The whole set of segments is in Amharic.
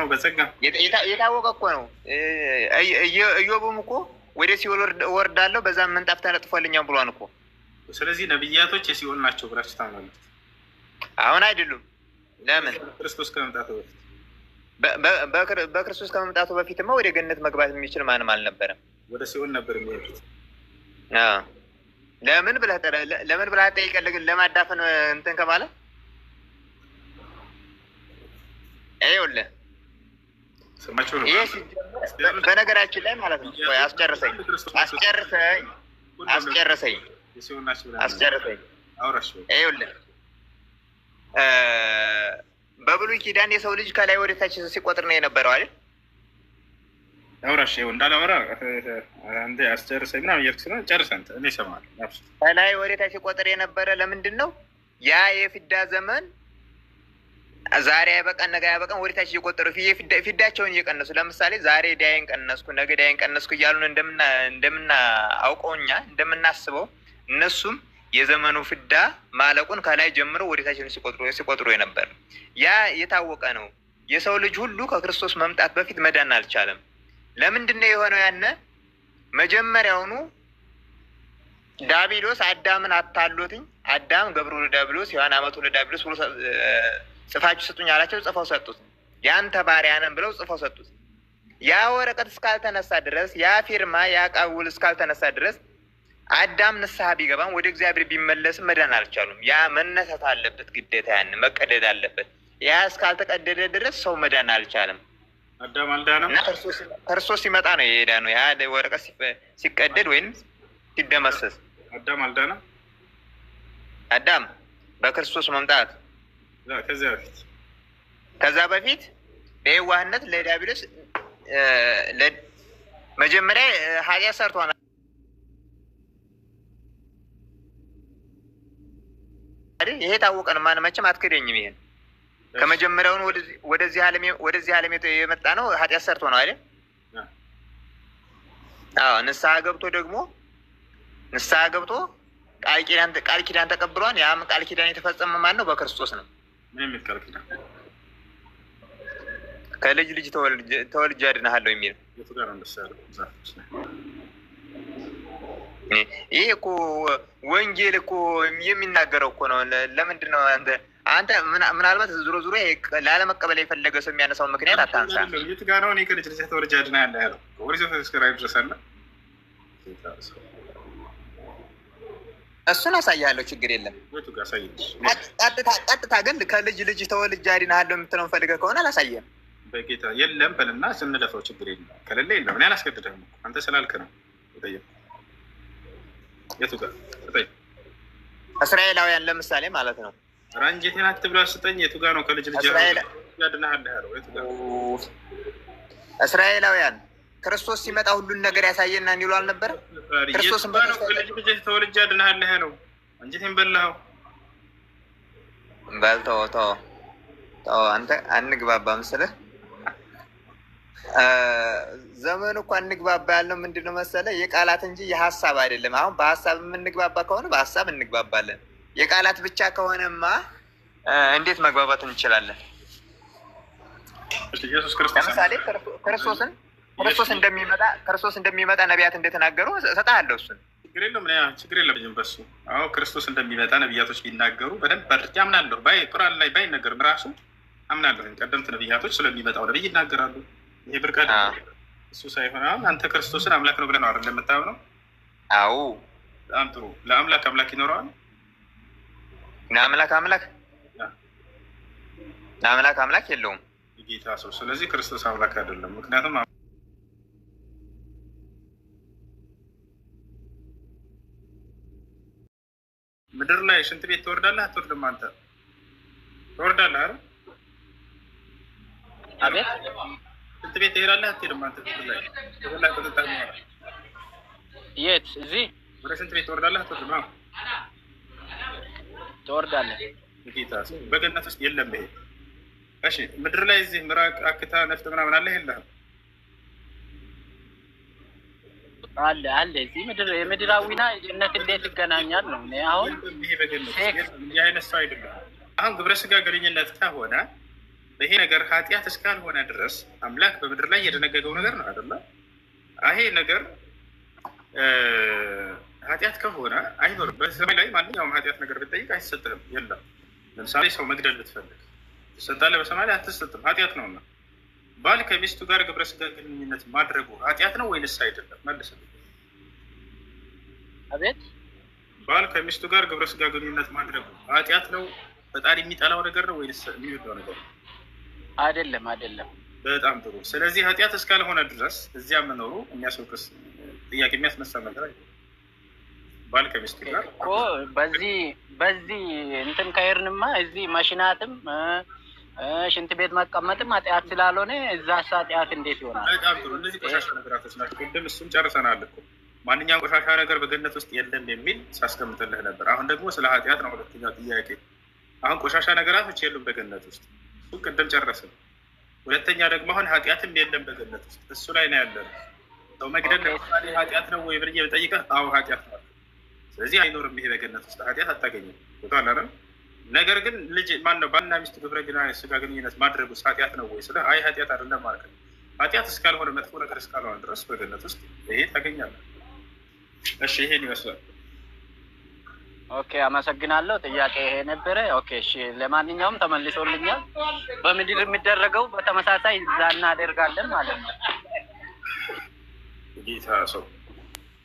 ነው በጸጋ የታወቀ እኮ ነው። እዮብም እኮ ወደ ሲኦል ወርዳለሁ በዛ ምንጣፍ ተነጥፎልኛል ብሏን እኮ። ስለዚህ ነብያቶች የሲኦል ናቸው ብላችሁ ታምናለች? አሁን አይደሉም። ለምን ክርስቶስ ከመምጣቱ በፊት በክርስቶስ ከመምጣቱ በፊትማ ወደ ገነት መግባት የሚችል ማንም አልነበረም። ወደ ሲኦል ነበር የሚሄዱት። ለምን ብለህ ለምን ብለህ ጠይቀልህ ለማዳፈን እንትን ከማለት ይኸውልህ በነገራችን ላይ ማለት ነው። አስጨርሰኝ አስጨርሰኝ አስጨርሰኝ አስጨርሰኝ። ይኸውልህ በብሉይ ኪዳን የሰው ልጅ ከላይ ወደታች ሲቆጥር ነው የነበረው አይደል? አውራሽ ይኸው እንዳላወራ አንዴ አስጨርሰኝ ምናምን እያልክ ስለሆነ ጨርሰን እኔ እሰማለሁ። ከላይ ወደታች ሲቆጥር የነበረ ለምንድን ነው ያ የፍዳ ዘመን ዛሬ አይበቃን ነገ አይበቃን ወደታች እየቆጠሩ ፊዳቸውን እየቀነሱ ለምሳሌ ዛሬ ዳይን ቀነስኩ ነገ ዳይን ቀነስኩ እያሉን እንደምና እንደምና አውቀው እኛ እንደምናስበው እነሱም የዘመኑ ፍዳ ማለቁን ከላይ ጀምሮ ወደታች ሲቆጥሩ የነበር ያ የታወቀ ነው። የሰው ልጅ ሁሉ ከክርስቶስ መምጣት በፊት መዳን አልቻለም። ለምንድነው የሆነው? ያነ መጀመሪያውኑ ዳቢሎስ አዳምን አታሎትኝ አዳም ገብሩ ለዳቢሎስ ሔዋን አመቱ ለዳቢሎስ ብሎ ጽፋችሁ ስጡኝ አላቸው። ጽፈው ሰጡት። ያንተ ባሪያ ነን ብለው ጽፈው ሰጡት። ያ ወረቀት እስካልተነሳ ድረስ ያ ፊርማ ያ ቃውል እስካልተነሳ ድረስ አዳም ንስሐ ቢገባም ወደ እግዚአብሔር ቢመለስም መዳን አልቻሉም። ያ መነሳት አለበት ግዴታ፣ ያን መቀደድ አለበት። ያ እስካልተቀደደ ድረስ ሰው መዳን አልቻለም። አዳም አልዳነም። ሲመጣ ነው የሄዳ ነው ያ ወረቀት ሲቀደድ ወይም ሲደመሰስ። አዳም አልዳነም። አዳም በክርስቶስ መምጣት ከዚያ በፊት ከዛ በፊት በየዋህነት ለዲያብሎስ መጀመሪያ ኃጢአት ሰርቷል። ይሄ ታወቀ ነው። ማን መቼም አትክደኝም። ይሄን ከመጀመሪያውን ወደዚህ ዓለም የመጣ ነው። ኃጢአት ሰርቶ ነው አይደል? አዎ። ንስሐ ገብቶ ደግሞ ንስሐ ገብቶ ቃል ኪዳን ተቀብሏል። ያም ቃል ኪዳን የተፈጸመ ማን ነው? በክርስቶስ ነው። ከልጅ ልጅ ተወልጅ አድንሃለሁ የሚል ይሄ እኮ ወንጌል እኮ የሚናገረው እኮ ነው። ለምንድን ነው አንተ አንተ ምናልባት ዙሮ ዙሮ ላለመቀበል የፈለገ ሰው የሚያነሳው ምክንያት አታንሳ። የት ጋ ነው እኔ ከልጅ ልጅ ተወልጄ አድንሃለሁ ያለው? እሱን አሳያለሁ፣ ችግር የለም። ቀጥታ ግን ከልጅ ልጅ ተወልጅ አድናለሁ የምትለው ፈልገህ ከሆነ አላሳየም። በጌታ የለም በልና ስንለፈው ችግር የለም። ከሌለ የለም። እኔ አላስገድደህም አንተ ስላልክ ነው። የቱ ጋር እስራኤላውያን ለምሳሌ ማለት ነው። ራንጀቴን አትብሎ አስጠኝ። የቱ ጋር ነው ከልጅ ልጅ ያድናለህ ያለው? የቱ ጋር እስራኤላውያን ክርስቶስ ሲመጣ ሁሉን ነገር ያሳየና ይሉ አልነበረ? ክርስቶስ ልጅ ልጅ ተወልጄ አድንሃለሁ ያለው በላኸው። በል ተወው ተወው ተወው፣ አንተ አንግባባ መሰለህ። ዘመኑ እኮ እንግባባ ያለው ምንድን ነው መሰለህ? የቃላት እንጂ የሀሳብ አይደለም። አሁን በሀሳብ የምንግባባ ከሆነ በሀሳብ እንግባባለን። የቃላት ብቻ ከሆነማ እንዴት መግባባት እንችላለን? ለምሳሌ ክርስቶስን ክርስቶስ እንደሚመጣ ክርስቶስ እንደሚመጣ ነቢያት እንደተናገሩ እሰጥሃለሁ። እሱን ችግር የለውም ችግር የለብኝም በሱ። አዎ ክርስቶስ እንደሚመጣ ነቢያቶች ቢናገሩ በደንብ አድርጌ አምናለሁ። ባይ ቁርአን ላይ ባይ ነገር ራሱ አምናለሁ። ቀደምት ነቢያቶች ስለሚመጣው ነብይ ይናገራሉ። ይሄ ብርቀድ እሱ ሳይሆን አሁን አንተ ክርስቶስን አምላክ ነው ብለህ ነው አይደል የምታምነው? አዎ በጣም ጥሩ። ለአምላክ አምላክ ይኖረዋል። ለአምላክ አምላክ ለአምላክ አምላክ የለውም ጌታ ሰው። ስለዚህ ክርስቶስ አምላክ አይደለም። ምክንያቱም ምድር ላይ ሽንት ቤት ትወርዳለህ አትወርድም? አንተ ትወርዳለህ አይደል? አቤት ሽንት ቤት ትሄዳለህ አትሄድም? አንተ ምድር ላይ ላይ ቁጥጥር የት እዚህ ወደ ሽንት ቤት ትወርዳለህ አትወርድም? አዎ ትወርዳለህ። ጌታ በገነት ውስጥ የለም ይሄ። እሺ ምድር ላይ እዚህ ምራቅ፣ አክታ፣ ነፍጥ ምናምን አለህ የለህም? አለ አለ እዚህ ምድር የምድራዊና ጀነት እንዴት ይገናኛል? ነው እኔ አሁን አይነት ሰው አይደለም። አሁን ግብረ ስጋ ግንኙነት ከሆነ ይሄ ነገር ኃጢአት እስካልሆነ ድረስ አምላክ በምድር ላይ የደነገገው ነገር ነው አይደለ? ይሄ ነገር ኃጢአት ከሆነ አይኖርም። በሰማይ ላይ ማንኛውም ኃጢአት ነገር ብጠይቅ አይሰጥህም። የለም። ለምሳሌ ሰው መግደል ብትፈልግ ትሰጣለህ? በሰማይ ላይ አትሰጥም። ኃጢአት ነውና ባል ከሚስቱ ጋር ግብረ ስጋ ግንኙነት ማድረጉ ኃጢአት ነው ወይንስ አይደለም? መልስ። አቤት። ባል ከሚስቱ ጋር ግብረ ስጋ ግንኙነት ማድረጉ ኃጢአት ነው፣ ፈጣሪ የሚጠላው ነገር ነው ወይንስ የሚወደው ነገር ነው? አይደለም፣ አይደለም። በጣም ጥሩ። ስለዚህ ኃጢአት እስካልሆነ ድረስ እዚያ መኖሩ የሚያስወቅስ ጥያቄ የሚያስነሳ ነገር አይደለም። ባል ከሚስቱ ጋር በዚህ በዚህ እንትን ከሄድንማ እዚህ መሽናትም ሽንት ቤት መቀመጥም ኃጢአት ስላልሆነ እዛ ኃጢአት እንዴት ይሆናል? እነዚህ ቆሻሻ ነገራቶች ናቸው። ቅድም እሱም ጨርሰናል እኮ ማንኛውም ቆሻሻ ነገር በገነት ውስጥ የለም የሚል ሳስቀምጥልህ ነበር። አሁን ደግሞ ስለ ኃጢአት ነው ሁለተኛው ጥያቄ። አሁን ቆሻሻ ነገራቶች የሉም በገነት ውስጥ እሱ ቅድም ጨረስን። ሁለተኛ ደግሞ አሁን ኃጢአትም የለም በገነት ውስጥ እሱ ላይ ነው ያለ ሰው መግደል ለምሳሌ ኃጢአት ነው ወይ ብዬ ብጠይቅህ አዎ ኃጢአት ነው። ስለዚህ አይኖርም። ይሄ በገነት ውስጥ ኃጢአት አታገኝም ቦታ አላለም ነገር ግን ልጅ ማነው ባልና ሚስት ግብረ ስጋ ግንኙነት ማድረጉ ኃጢአት ነው ወይ ስለ አይ ኃጢአት አይደለም ማለት ነው። ኃጢአት እስካልሆነ መጥፎ ነገር እስካልሆነ ድረስ በገነት ውስጥ ይሄ ታገኛለህ። እሺ ይሄን ይመስላል። ኦኬ አመሰግናለሁ። ጥያቄ ይሄ ነበረ። ኦኬ እሺ፣ ለማንኛውም ተመልሶልኛል። በምድር የሚደረገው በተመሳሳይ እዛ እናደርጋለን ማለት ነው። ጌታ ሰው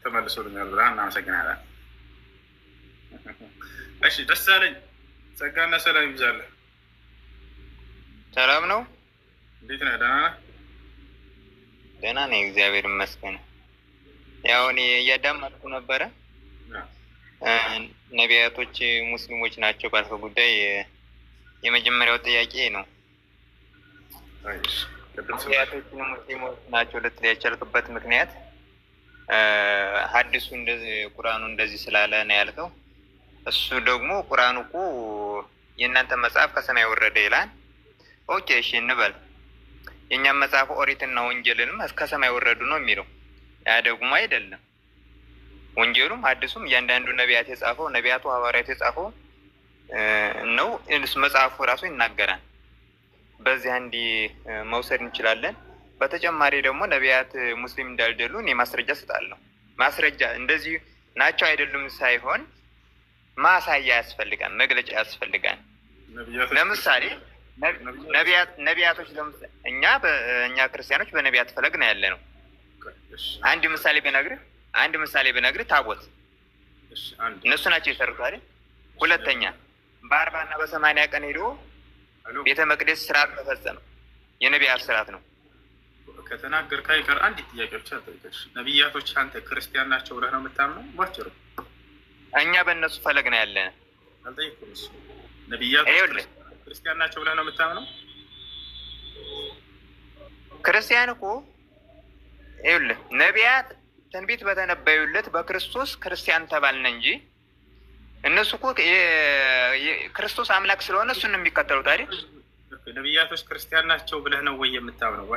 ተመልሶልኛል ብላ እናመሰግናለን። እሺ ደስ አለኝ። ጸጋና ሰላም ይብዛለን። ሰላም ነው። እንዴት ነህ? ደህና ነህ? ደህና ነኝ፣ እግዚአብሔር ይመስገን። ያው እኔ እያዳመጥኩ ነበረ። ነቢያቶች ሙስሊሞች ናቸው ባልከው ጉዳይ የመጀመሪያው ጥያቄ ነው። ነቢያቶች ሙስሊሞች ናቸው ልትል ያልቻልክበት ምክንያት ሐዲሱ እንደዚህ ቁርአኑ እንደዚህ ስላለ ነው ያልከው እሱ ደግሞ ቁርአን እኮ የእናንተ መጽሐፍ ከሰማይ ወረደ ይላል። ኦኬ እሺ እንበል የእኛም መጽሐፍ ኦሪትና ወንጀልንም ከሰማይ ወረዱ ነው የሚለው። ያ ደግሞ አይደለም። ወንጀሉም አዲሱም እያንዳንዱ ነቢያት የጻፈው ነቢያቱ ሐዋርያት የጻፈው ነው። መጽሐፉ ራሱ ይናገራል። በዚህ አንድ መውሰድ እንችላለን። በተጨማሪ ደግሞ ነቢያት ሙስሊም እንዳልደሉ እኔ ማስረጃ ስጣለሁ። ማስረጃ እንደዚህ ናቸው አይደሉም ሳይሆን ማሳያ ያስፈልጋል፣ መግለጫ ያስፈልጋል። ለምሳሌ ነቢያቶች እኛ እኛ ክርስቲያኖች በነቢያት ፈለግ ነው ያለ ነው። አንድ ምሳሌ ብነግርህ አንድ ምሳሌ ብነግርህ ታቦት እነሱ ናቸው የሰሩት አይደል? ሁለተኛ በአርባ እና በሰማንያ ቀን ሄዶ ቤተ መቅደስ ስርዓት ተፈጸመ። የነቢያት ስርዓት ነው። ከተናገር ጋር አንድ ጥያቄዎች አጠይቀች ነቢያቶች አንተ ክርስቲያን ናቸው ብለህ ነው የምታምነው? እኛ በእነሱ ፈለግ ነው ያለን። ክርስቲያን ናቸው ብለህ ነው የምታምነው? ክርስቲያን እኮ ይኸውልህ ነቢያት ትንቢት በተነበዩለት በክርስቶስ ክርስቲያን ተባልን እንጂ እነሱ እኮ ክርስቶስ አምላክ ስለሆነ እሱን ነው የሚከተሉት አይደል? ነቢያቶች ክርስቲያን ናቸው ብለህ ነው ወይ የምታምነው?